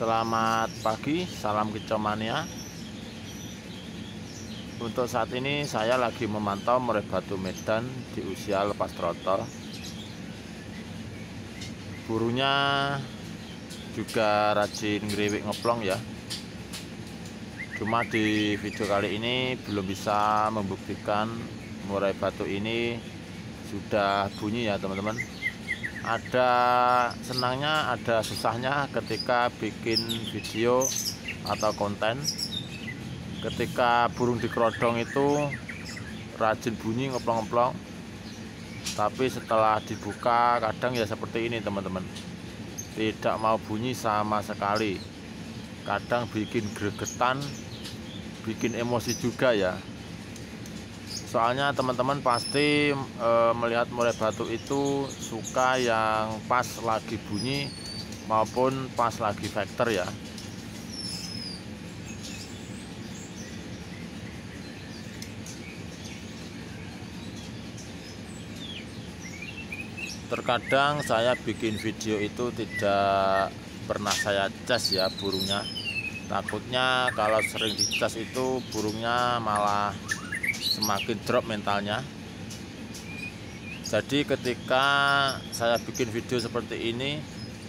Selamat pagi, salam kecomania. Untuk saat ini saya lagi memantau murai batu medan di usia lepas trotol. Burunya juga rajin ngeriwik ngeplong ya. Cuma di video kali ini belum bisa membuktikan murai batu ini sudah bunyi ya teman-teman ada senangnya ada susahnya ketika bikin video atau konten ketika burung di kerodong itu rajin bunyi ngeplong-ngeplong tapi setelah dibuka kadang ya seperti ini teman-teman tidak mau bunyi sama sekali kadang bikin gregetan bikin emosi juga ya soalnya teman-teman pasti e, melihat murai batu itu suka yang pas lagi bunyi maupun pas lagi vektor ya terkadang saya bikin video itu tidak pernah saya cas ya burungnya takutnya kalau sering dicas itu burungnya malah semakin drop mentalnya jadi ketika saya bikin video seperti ini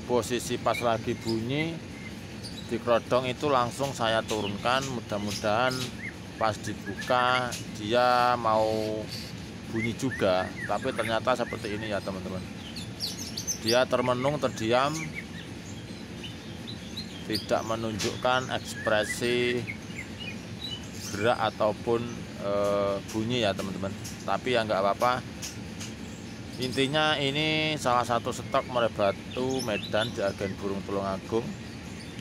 posisi pas lagi bunyi di kerodong itu langsung saya turunkan mudah-mudahan pas dibuka dia mau bunyi juga tapi ternyata seperti ini ya teman-teman dia termenung terdiam tidak menunjukkan ekspresi gerak ataupun e, bunyi ya teman-teman tapi ya nggak apa-apa intinya ini salah satu stok murai batu Medan di agen burung Tulungagung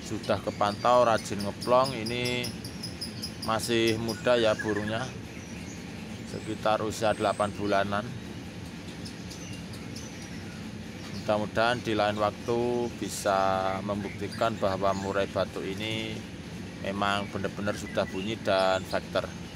sudah kepantau rajin ngeplong ini masih muda ya burungnya sekitar usia 8 bulanan mudah-mudahan di lain waktu bisa membuktikan bahwa murai batu ini memang benar-benar sudah bunyi dan faktor